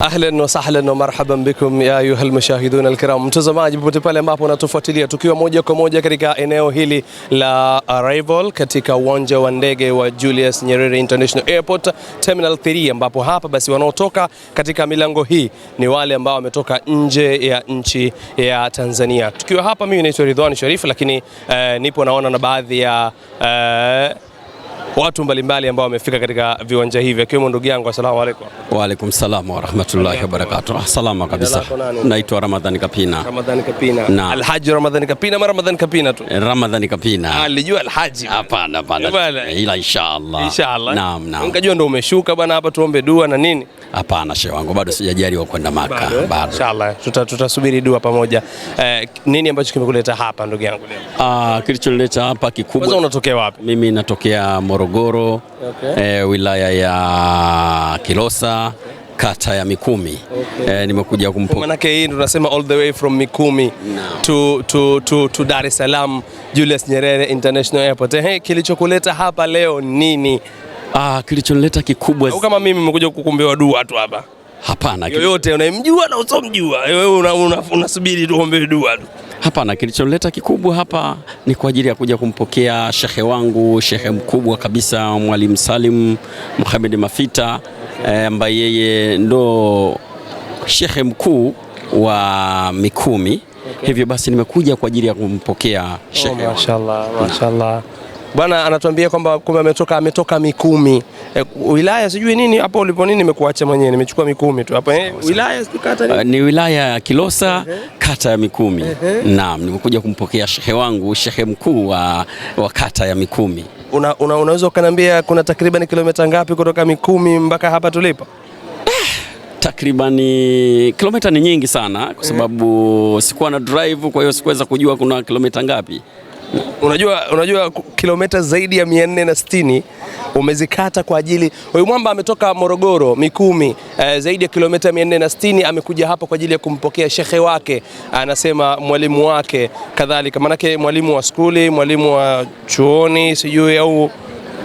Ahlan wasahlan marhaban bikum ya ayuha almushahidun alkiram, mtazamaji popote pale ambapo unatufuatilia, tukiwa moja kwa moja katika eneo hili la Arrival katika uwanja wa ndege wa Julius Nyerere International Airport Terminal 3, ambapo hapa basi wanaotoka katika milango hii ni wale ambao wametoka nje ya nchi ya Tanzania. Tukiwa hapa, mimi naitwa Ridhwan Sharif, lakini eh, nipo naona na baadhi ya eh, watu mbalimbali ambao wamefika katika viwanja hivi akiwemo ndugu yangu, asalamu alaykum. Wa alaykum salam wa rahmatullahi wa barakatuh. Salama kabisa, naitwa Ramadhani Kapina. Ramadhani Kapina na Alhaji Ramadhani Kapina ama Ramadhani Kapina tu? Ramadhani Kapina. Alijua Alhaji. Hapana, hapana. Ila inshallah. Inshallah. Naam, naam. Nikajua ndo umeshuka bwana hapa tuombe dua na nini Hapana, shehe wangu, bado wa kwenda Maka bado, eh? bado. Inshallah eh. tutasubiri dua pamoja. Eh, nini ambacho kimekuleta hapa ndugu yangu leo? Ah, kilichonileta hapa kikubwa. Kwanza unatokea wapi? Mimi natokea Morogoro, okay. Eh, wilaya ya Kilosa, Kata ya Mikumi. Okay. Eh, nimekuja kumpo. Maana yake hii tunasema all the way from Mikumi no. to, to, to, to Dar es Salaam Julius Nyerere International Airport. Eh, hey, kilichokuleta hapa leo nini? Ah, kilichonileta kikubwa au kama mimi nimekuja kukumbewa dua tu hapa. Hapana. Yoyote unayemjua na usomjua, wewe unasubiri tu kuombewe dua tu. Hapana, kilicholeta kikubwa hapa ni kwa ajili ya kuja kumpokea shehe wangu, shehe mkubwa kabisa, Mwalimu Salim Muhammad Mafita eh, ambaye yeye ndo shehe mkuu wa Mikumi. Okay. Hivyo basi nimekuja kwa ajili ya kumpokea oh, shehe. Oh, mashallah, mashallah. Bwana anatuambia kwamba kumbe ametoka ametoka Mikumi e, wilaya sijui nini hapo ulipo nini, nimekuacha mwenyewe, nimechukua Mikumi tu hapo e, wilaya kata ni... Uh, ni wilaya ya Kilosa uh -huh. kata ya Mikumi uh -huh. Naam, nimekuja kumpokea shehe wangu, shehe mkuu wa, wa kata ya Mikumi. Una, una, unaweza ukaniambia kuna takriban kilomita ngapi kutoka Mikumi mpaka hapa tulipo? Eh, Takribani kilomita ni nyingi sana, kwa sababu sikuwa na drive, kwa hiyo sikuweza kujua kuna kilomita ngapi. Unajua, unajua kilomita zaidi ya 460 umezikata kwa ajili. Huyu mwamba ametoka Morogoro Mikumi, eh, zaidi ya kilomita 460 amekuja hapa kwa ajili ya kumpokea shekhe wake, anasema mwalimu wake kadhalika, maanake mwalimu wa skuli, mwalimu wa chuoni, sijui au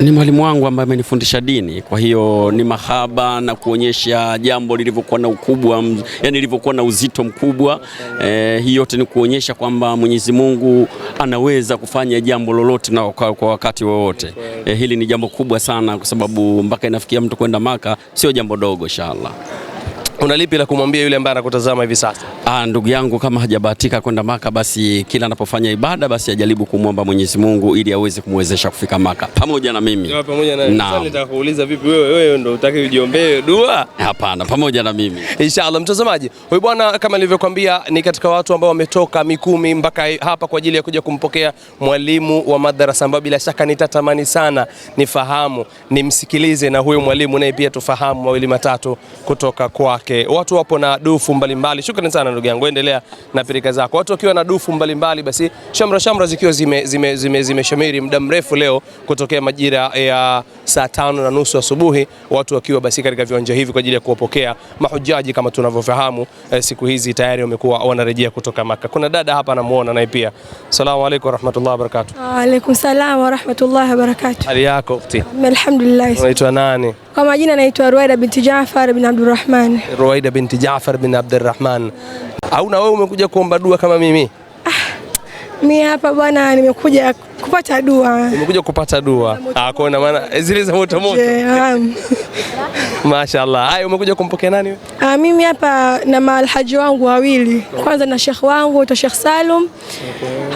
ni mwalimu wangu ambaye amenifundisha dini, kwa hiyo ni mahaba na kuonyesha jambo lilivyokuwa na ukubwa, yani lilivyokuwa na uzito mkubwa. E, hii yote ni kuonyesha kwamba Mwenyezi Mungu anaweza kufanya jambo lolote na kwa wakati wowote. E, hili ni jambo kubwa sana, kwa sababu mpaka inafikia mtu kwenda Maka sio jambo dogo. Inshallah una lipi la kumwambia yule ambaye anakutazama hivi sasa? Ah, ndugu yangu, kama hajabahatika kwenda Maka, basi kila anapofanya ibada, basi ajaribu kumwomba Mwenyezi Mungu ili aweze kumwezesha kufika Maka pamoja na mimi. Ndio, pamoja na mimi. Sasa nitakuuliza vipi wewe, wewe ndio utaki ujiombee dua? Hapana, pamoja na mimi. Inshallah, mtazamaji. Huyu bwana kama nilivyokuambia ni katika watu ambao wametoka Mikumi mpaka hapa kwa ajili ya kuja kumpokea mwalimu wa madarasa ambayo bila shaka nitatamani sana nifahamu, nimsikilize na huyu mwalimu naye pia tufahamu mawili matatu kutoka kwake. Eh, watu wapo na dufu mbalimbali. Shukrani sana ndugu yangu, endelea na pirika zako. Watu wakiwa na dufu mbalimbali, basi shamra shamra zikiwa zimeshamiri zime, zime, zime, muda mrefu leo kutokea majira ya saa tano na nusu asubuhi, wa watu wakiwa basi katika viwanja hivi kwa ajili ya kuwapokea mahujaji. Kama tunavyofahamu eh, siku hizi tayari wamekuwa wanarejea kutoka Maka. Kuna dada hapa anamuona naye pia. Asalamu alaykum warahmatullahi wabarakatuh. Wa alaykum salaam warahmatullahi wabarakatuh. Hali yako? Alhamdulillah. Unaitwa nani? Kwa majina naitwa ruwaida binti Jaafar bin Abdurrahman. ruwaida binti Jaafar bin Abdurrahman. Au na wewe umekuja kuomba dua kama mimi? Ah, mi hapa bwana nimekuja kupata dua. Nimekuja kupata dua. Ah, kwa ina maana eh, zile za moto moto. Mashaallah. Hai, umekuja kumpokea nani wewe? Ah, mimi hapa na maalhaji wangu wawili. Kwanza na shekh wangu aitwa Sheikh Salum.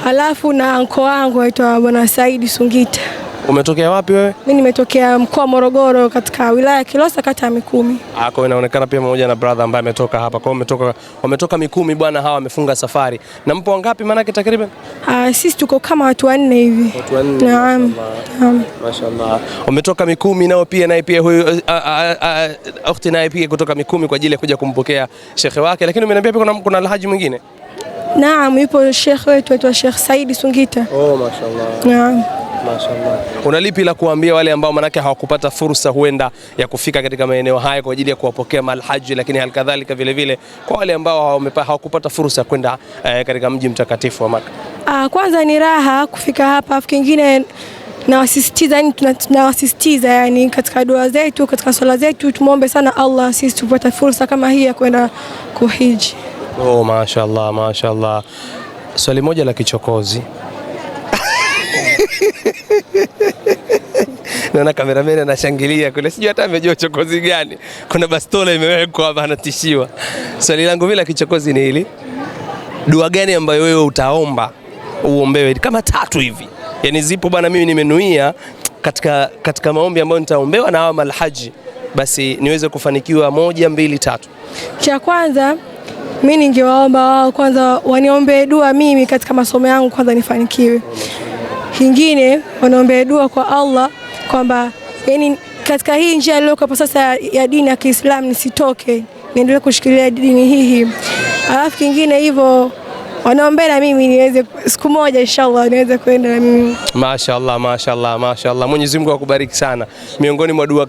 Halafu na anko wangu aitwa Bwana Saidi Sungita. Umetokea wapi wewe? Mimi nimetokea mkoa Morogoro katika wilaya ya Kilosa kata ya Mikumi. Ah, kwa inaonekana pia mmoja na brother ambaye ametoka hapa. Kwa umetoka wametoka Mikumi bwana, hawa wamefunga safari. Na mpo wangapi maana yake takriban? Ah, sisi tuko kama watu wanne hivi. Watu wanne. Naam. Naam. Mashaallah. Umetoka Mikumi nao pia naye pia huyu eh, akhti ah, ah, ah, naye pia kutoka Mikumi kwa ajili ya kuja kumpokea shekhe wake. Lakini umeniambia pia kuna kuna alhaji mwingine? Naam, yupo shekhe wetu aitwa Sheikh Saidi Sungita. Oh, mashaallah. Naam. Mashallah. Una lipi la kuambia wale ambao manake hawakupata fursa huenda ya kufika katika maeneo haya kwa ajili ya kuwapokea malhaji, lakini halikadhalika vile vile kwa wale ambao hawakupata fursa ya kwenda eh, katika mji mtakatifu wa Maka? Ah, kwanza ni raha kufika hapa, afu kingine nawasisitiza yani, tunawasisitiza yani, katika dua zetu, katika swala zetu tumwombe sana Allah sisi tupate fursa kama hii ya kwenda kuhiji. Oh, mashallah mashallah. Swali moja la kichokozi Naona kameramen anashangilia kule, sijui hata amejua chokozi gani. Kuna bastola imewekwa hapa, anatishiwa. Swali langu mimi la kichokozi ni hili, dua gani ambayo wewe utaomba uombewe? Kama tatu hivi, yaani zipo bwana, mimi nimenuia katika, katika maombi ambayo nitaombewa na hawa malhaji, basi niweze kufanikiwa moja, mbili, tatu. Cha kwanza mimi ningewaomba wao kwanza waniombe dua mimi katika masomo yangu, kwanza nifanikiwe. Kingine wanaombea dua kwa Allah kwamba yani katika hii njia niliyoko sasa ya dini ya Kiislamu nisitoke, niendelee kushikilia dini hii hii. Alafu kingine hivyo wanaombea na mimi niweze siku moja inshallah niweze kwenda na mimi. Mashaallah, mashaallah, mashaallah. Mwenyezi Mungu akubariki sana. Miongoni mwa dua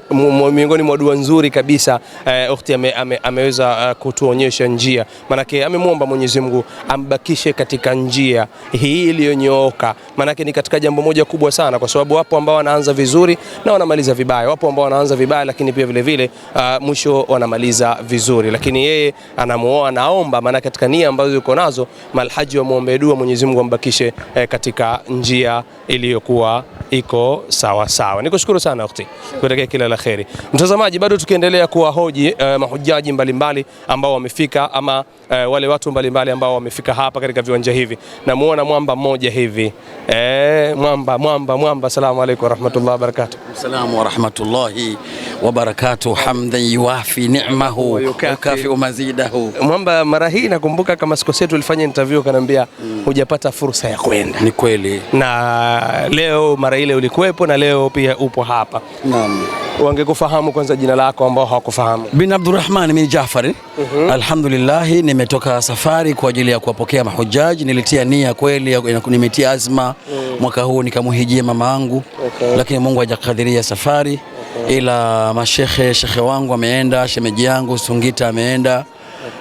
miongoni mwa dua nzuri kabisa eh, ukhti ame, ame, ameweza uh, kutuonyesha njia. maanake amemwomba Mwenyezi Mungu ambakishe katika njia hii iliyonyooka. maanake ni katika jambo moja kubwa sana kwa sababu wapo ambao wanaanza vizuri na wanamaliza vibaya. Wapo ambao wanaanza vibaya lakini pia vile vile uh, mwisho wanamaliza vizuri. Lakini yeye anamuoa naomba maana katika nia ambazo yuko nazo Alhaji wa muombe dua Mwenyezi Mungu ambakishe eh, katika njia iliyokuwa iko sawa sawa. Nikushukuru sana ukti, kutakia kila la kheri. Mtazamaji, bado tukiendelea kuwahoji eh, mahujaji mbalimbali ambao wamefika ama eh, wale watu mbalimbali ambao wamefika hapa katika viwanja hivi. Namuona mwamba mmoja hivi eh, mwamba mwamba mwamba, asalamu alaykum warahmatullahi wabarakatuh. Asalamu warahmatullahi wabarakatuh. Hamdan yuafi ni'mahu wa yukafi mazidahu. Mwamba, mara hii nakumbuka kama siku yetu ulifanya interview vyuo kanaambia hujapata mm. fursa ya kwenda. Ni kweli, na leo mara ile ulikuwepo na leo pia upo hapa. Naam. Wangekufahamu kwanza jina lako ambao hawakufahamu. Bin Abdurrahman, mimi jafari mm -hmm. Alhamdulillah, nimetoka safari kwa ajili ya kuwapokea mahujaji. Nilitia nia kweli, nimetia azma mm. mwaka huu nikamuhijia mama yangu okay. lakini Mungu hajakadiria safari okay. ila mashekhe, shekhe wangu ameenda, shemeji yangu Sungita ameenda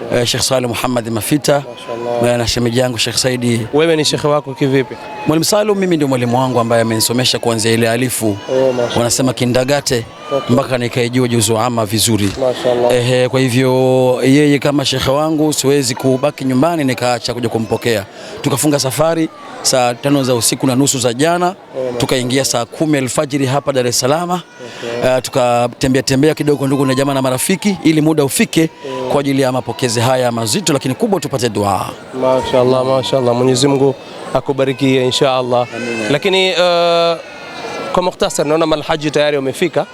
Okay. Eh, Sheikh Salim Muhammad Mafita Masha na shemeji yangu Sheikh Saidi. Wewe ni shekhe wako kivipi? Mwalimu Salum mimi ndio mwalimu wangu ambaye amenisomesha kuanzia ile alifu oh, wanasema kindagate okay, mpaka nikaijua juzu ama vizuri ehe. Kwa hivyo yeye kama shekhe wangu siwezi kubaki nyumbani nikaacha kuja kumpokea. Tukafunga safari saa tano za usiku na nusu za jana oh, tukaingia saa kumi alfajiri hapa Dar es Salaam okay. Uh, tukatembea tembea kidogo ndugu na jamaa na marafiki, ili muda ufike oh, kwa ajili ya mapokezi haya mazito, lakini kubwa tupate dua Mashaallah, mashaallah, Mwenyezi Mungu akubarikie insha Allah. Lakini uh, kwa mukhtasar naona malhaji tayari wamefika.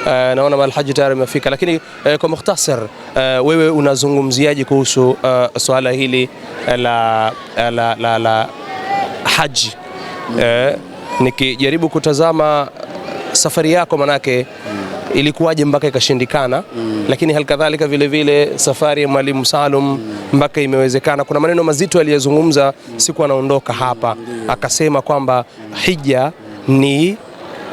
Uh, naona malhaji tayari wamefika, lakini uh, kwa mukhtasar uh, wewe unazungumziaje kuhusu uh, swala hili uh, la, uh, la, la, la haji? Uh, nikijaribu kutazama safari yako manake ilikuwaje mpaka ikashindikana mm. Lakini halikadhalika vile vile safari ya Mwalimu Salum mpaka mm. imewezekana. Kuna maneno mazito aliyozungumza mm. siku anaondoka hapa mm. akasema kwamba hija ni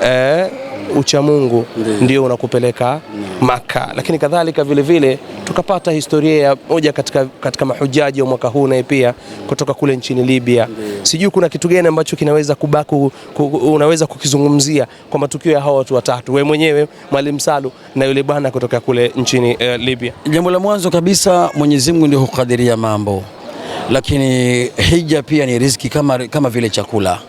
eh, uchamungu ndio unakupeleka Maka. Lakini kadhalika vile vile tukapata historia ya moja katika, katika mahujaji wa mwaka huu naye pia kutoka kule nchini Libya. Sijui kuna kitu gani ambacho kinaweza kubaku, ku, unaweza kukizungumzia kwa matukio ya hawa watu watatu, wewe mwenyewe Mwalimu Salu na yule bwana kutoka kule nchini uh, Libya. Jambo la mwanzo kabisa, Mwenyezi Mungu ndio hukadiria mambo, lakini hija pia ni riziki kama, kama vile chakula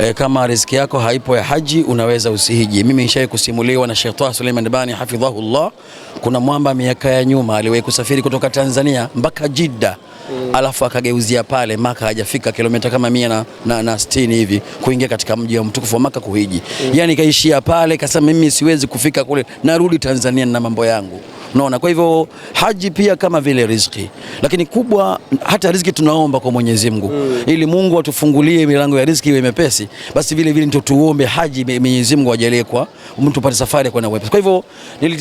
E, kama riziki yako haipo ya haji unaweza usihiji. Mimi nishai kusimuliwa na Sheikh Taha Suleiman Dabani hafidhahullah, kuna mwamba miaka ya nyuma aliwahi kusafiri kutoka Tanzania mpaka Jidda mm. alafu akageuzia pale Maka, hajafika kilomita kama mia na, na, na sitini hivi kuingia katika mji wa mtukufu wa Maka kuhiji mm. yani kaishia pale, kasema mimi siwezi kufika kule, narudi Tanzania na mambo yangu. Unaona, kwa hivyo haji pia kama vile riziki, lakini kubwa hata riziki tunaomba kwa Mwenyezi Mungu mm. ili Mungu atufungulie milango ya riziki majalie mepesi, basi vile vile ndio tuombe haji Mwenyezi Mungu ajalie kwa mtu apate safari kwa wepesi. Kwa hivyo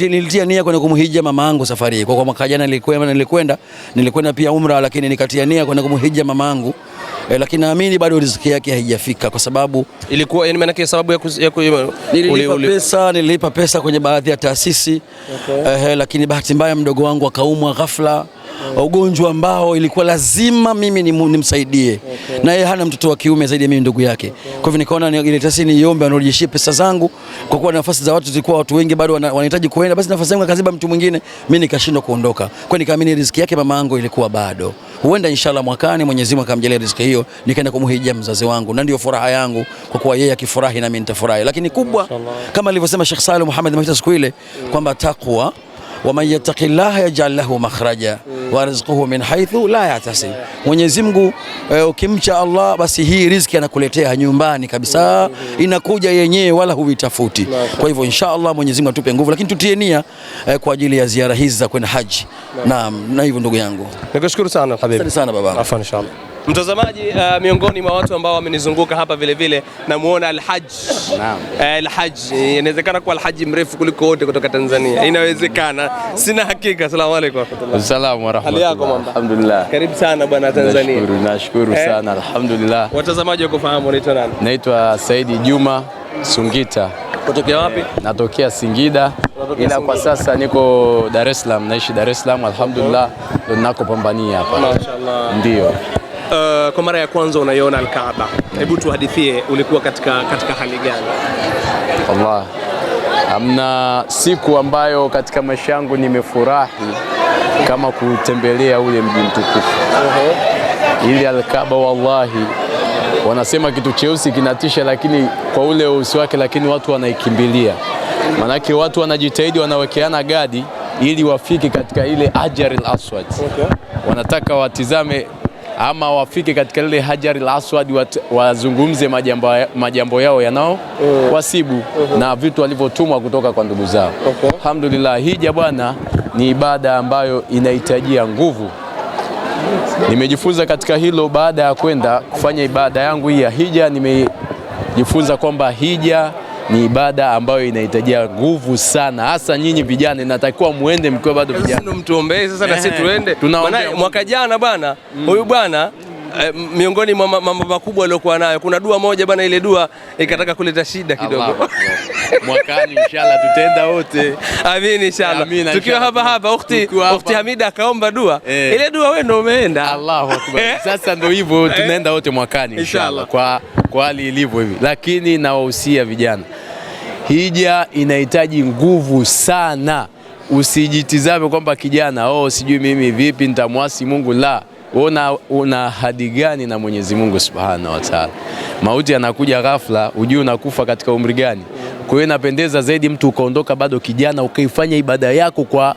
nilitia nia kwenda kumhija mama yangu safari hii. Kwa kwa mwaka jana nilikwenda nilikwenda nilikwenda pia umra, lakini nikatia nia kwenda kumhija mama yangu. E, eh, lakini naamini bado riziki yake haijafika kwa sababu ilikuwa yani, maana yake sababu ya, kuzi, ya nililipa pesa, nililipa pesa kwenye baadhi ya taasisi okay. Eh, lakini bahati mbaya mdogo wangu akaumwa ghafla Eh. ugonjwa ambao ilikuwa lazima mimi nimsaidie, okay. na yeye hana mtoto wa kiume zaidi ya mimi ndugu yake, okay. Kwa hivyo nikaona ile tasi niombe anirudishie pesa zangu, kwa kuwa nafasi za watu zilikuwa watu wengi bado wanahitaji kuenda, basi nafasi yangu akaziba mtu mwingine, mimi nikashindwa kuondoka. Kwa hiyo nikaamini riziki yake mama yangu ilikuwa bado huenda inshallah mwakani Mwenyezi Mungu akamjalia riziki hiyo, nikaenda kumhijia mzazi wangu, na ndio furaha yangu kwa kuwa yeye akifurahi na mimi nitafurahi, lakini kubwa kama alivyosema Sheikh Salim Muhammad siku ile mm. kwamba takwa waman yattaqi llaha yaj'al lahu makhraja wa yarzuquhu min haythu la yahtasib, Mwenyezi Mungu eh, ukimcha Allah basi hii riziki anakuletea nyumbani kabisa, inakuja yenyewe wala huitafuti. Kwa hivyo insha Allah Mwenyezi Mungu atupe nguvu, lakini tutie nia eh, kwa ajili ya ziara hizi za kwenda haji. Naam, na hivyo ndugu yangu nikushukuru sana habibi. Asante sana baba. Afwan inshallah. Mtazamaji, uh, miongoni mwa watu ambao wamenizunguka hapa vile vile namuona Alhaj. Naam. Eh, Alhaj inawezekana kuwa Alhaj mrefu kuliko wote kutoka Tanzania, inawezekana, sina hakika. Asalamu alaykum. Asalamu wa rahmatullah. Alhamdulillah. Karibu sana bwana Tanzania. Nashukuru, nashukuru eh, sana alhamdulillah. Watazamaji wakufahamu, naitwa nani? Naitwa Saidi Juma Sungita. Kutokea wapi? Natokea Singida ila kwa sasa niko Dar es Salaam, naishi Dar es Salaam alhamdulillah, nako pambania hapa. Mashaallah. Ndio. Uh, kwa mara ya kwanza unaiona Alkaaba, hebu tuhadithie ulikuwa katika, katika hali gani? Allah, hamna siku ambayo katika maisha yangu nimefurahi kama kutembelea ule mji mtukufu uh-huh. Ile Alkaaba wallahi, wanasema kitu cheusi kinatisha, lakini kwa ule weusi wake, lakini watu wanaikimbilia, manake watu wanajitahidi, wanawekeana gadi ili wafike katika ile Hajar al-Aswad okay. Wanataka watizame ama wafike katika lile Hajari la Aswad wazungumze majambo, majambo yao yanao mm. wasibu mm-hmm. na vitu walivyotumwa kutoka kwa ndugu zao okay. Alhamdulillah, hija bwana ni ibada ambayo inahitajia nguvu. Nimejifunza katika hilo baada ya kwenda kufanya ibada yangu hii ya hija, nimejifunza kwamba hija ni ibada ambayo inahitajia nguvu sana, hasa nyinyi vijana, inatakiwa muende mkiwa bado vijana. Mtuombee sasa na sisi eh, tuende. mwaka jana bwana, mm. huyu bwana eh, miongoni mwa mambo makubwa aliyokuwa nayo kuna dua moja bana, ile dua ikataka kuleta shida kidogo. Mwakani inshallah tutenda wote, amin inshallah. Tukiwa hapa hapa, ukhti ukhti Hamida akaomba dua eh, ile dua wewe ndio umeenda. Allahu akbar! Eh. Sasa ndio hivyo eh. tunaenda wote mwakani inshallah, kwa kwa hali ilivyo hivi, lakini nawahusia vijana, hija inahitaji nguvu sana. Usijitizame kwamba kijana, oh sijui mimi vipi nitamwasi Mungu, la una, una hadi gani na Mwenyezi Mungu Subhanahu wa Ta'ala? Mauti yanakuja ghafla, hujui unakufa katika umri gani. Kwa hiyo inapendeza zaidi mtu ukaondoka bado kijana, ukaifanya ibada yako kwa,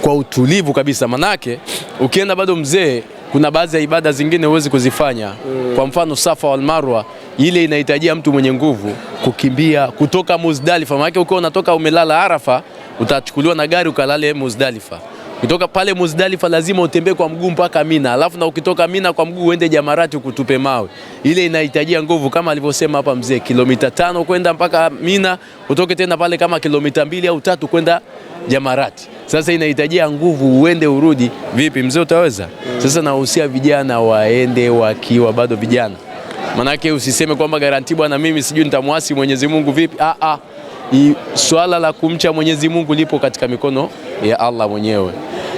kwa utulivu kabisa, manake ukienda bado mzee kuna baadhi ya ibada zingine huwezi kuzifanya mm. Kwa mfano Safa wal Marwa, ile inahitajia mtu mwenye nguvu kukimbia kutoka Muzdalifa, maana ukiwa unatoka umelala Arafa, utachukuliwa na gari ukalale Muzdalifa. Kutoka pale Muzdalifa lazima utembee kwa mguu mpaka Mina, alafu na ukitoka Mina kwa mguu uende Jamarati ukutupe mawe. Ile inahitajia nguvu kama alivyosema hapa mzee, kilomita tano kwenda mpaka Mina, utoke tena pale kama kilomita mbili au tatu kwenda Jamarati. Sasa inahitajia nguvu, uende urudi. Vipi mzee, utaweza? Sasa nahusia vijana waende wakiwa bado vijana, manake usiseme kwamba garanti bwana, mimi sijui nitamwasi Mwenyezi Mungu vipi. Ah, ah. Swala la kumcha Mwenyezi Mungu lipo katika mikono ya Allah mwenyewe,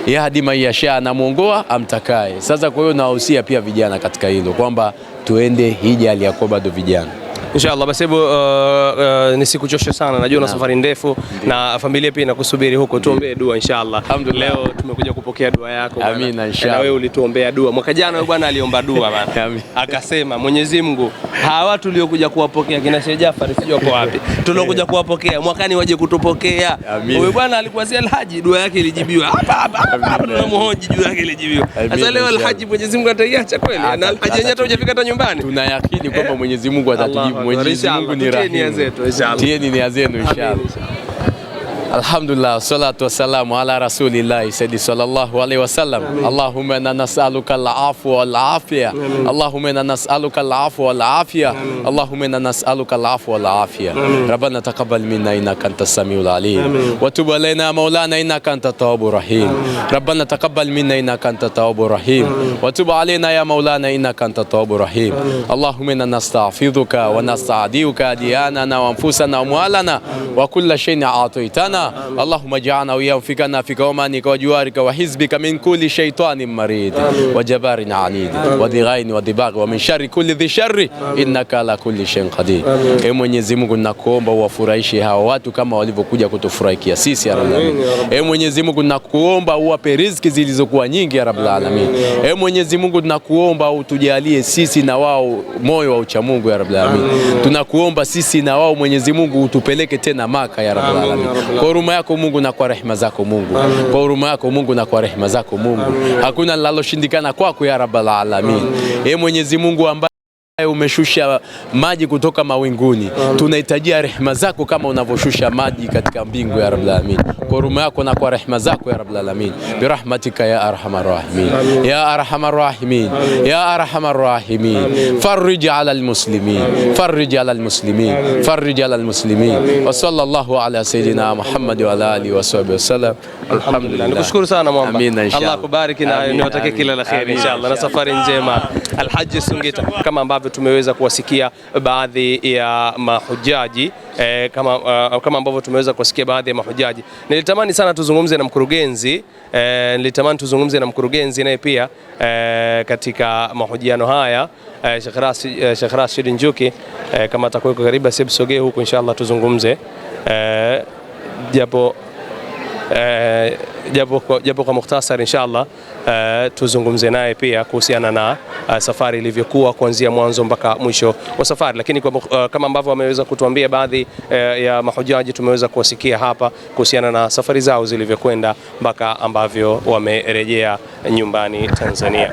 yahdi man yasha, anamwongoa amtakaye. Sasa kwa hiyo nawahusia pia vijana katika hilo kwamba tuende hija al bado vijana Inshallah basi hebu uh, uh, nisikuchoshe sana, najua na safari ndefu na familia pia inakusubiri huko, tuombee dua inshallah. Alhamdulillah, leo tumekuja kupokea dua yako. Amina inshallah. Na wewe ulituombea dua mwaka jana, wewe bwana aliomba dua bwana, akasema Mwenyezi Mungu, hawa watu tuliokuja kuwapokea kina Sheikh Jaffar sijui wako wapi, tuliokuja kuwapokea mwakani waje kutupokea. Wewe bwana alikuwa si Alhaji, dua yake ilijibiwa hapa hapa, tunamhoji dua yake ilijibiwa. Sasa leo Alhaji Mwenyezi Mungu ataiacha kweli? Ah, na Alhaji yenyewe hata hujafika hata nyumbani, tunayakini kwamba Mwenyezi Mungu atatujibu Mwenyezi Mungu ni rahimu, tieni nia zenu inshallah. الحمد لله والصلاة والسلام على رسول الله سيدي صلى الله عليه وسلم اللهم انا نسألك العفو والعافية اللهم انا نسألك العفو والعافية اللهم انا نسألك العفو والعافية ربنا تقبل منا انك انت السميع العليم وتب علينا مولانا انك انت التواب الرحيم ربنا تقبل منا انك انت التواب الرحيم وتب علينا يا مولانا انك انت التواب الرحيم اللهم انا نستعفذك ونستعديك ديانا وانفسنا واموالنا وكل شيء اعطيتنا rabbana allahumma ja'alna wa iyahum fi kana fi kawmani kwa juwarika wa hizbika min kulli shaytanin marid wa jabarin anid wa dighain wa dibaghi wa min sharri kulli dhi sharri innaka ala kulli shay'in qadir. Ee Mwenyezi Mungu, ninakuomba uwafurahishe hawa watu kama walivyokuja kutufurahikia sisi ya rabbana. Ee Mwenyezi Mungu, ninakuomba uwape riziki zilizokuwa nyingi ya rabbana alamin. Ee Mwenyezi Mungu, tunakuomba utujalie sisi na wao moyo wa uchamungu ya rabbana alamin. Tunakuomba sisi na wao Mwenyezi Mungu utupeleke tena Maka ya alamin huruma yako Mungu na kwa rehema zako Mungu Amin. Kwa huruma yako Mungu na kwa rehema zako Mungu Amin. Hakuna linaloshindikana kwako ya Rabbal Alamin. Ee Mwenyezi Mungu ambaye Umeshusha maji kutoka mawinguni, tunahitajia rehema zako kama unavyoshusha maji katika mbingu ya rabbul alamin, kwa huruma yako na kwa rehema zako ya rabbul alamin, birahmatika ya arhamar rahimin, ya arhamar rahimin, ya arhamar rahimin, farij ala almuslimin, farij ala almuslimin, farij ala almuslimin, wa sallallahu ala sayidina Muhammad wa ala alihi wa sahbihi wasallam. Alhamdulillah. Nikushukuru sana Mwamba. Amina inshallah. Allah akubariki na niwatakie kila la kheri inshallah na safari njema. Alhaji Sungita, kama ambavyo tumeweza kuwasikia baadhi ya mahujaji eh, kama, uh, kama ambavyo tumeweza kuwasikia baadhi ya mahujaji, nilitamani sana tuzungumze na mkurugenzi eh, nilitamani tuzungumze na mkurugenzi naye pia eh, katika mahojiano haya eh, Sheikh Rashid eh, Njuki eh, kama atakuwa karibu asisogee huku inshallah tuzungumze eh, japo e, japo kwa, japo kwa muhtasari insha Allah eh, tuzungumze naye pia kuhusiana na eh, safari ilivyokuwa kuanzia mwanzo mpaka mwisho wa safari, lakini kwa, uh, kama ambavyo wameweza kutuambia baadhi e, ya mahujaji tumeweza kuwasikia hapa kuhusiana na safari zao zilivyokwenda mpaka ambavyo wamerejea nyumbani Tanzania.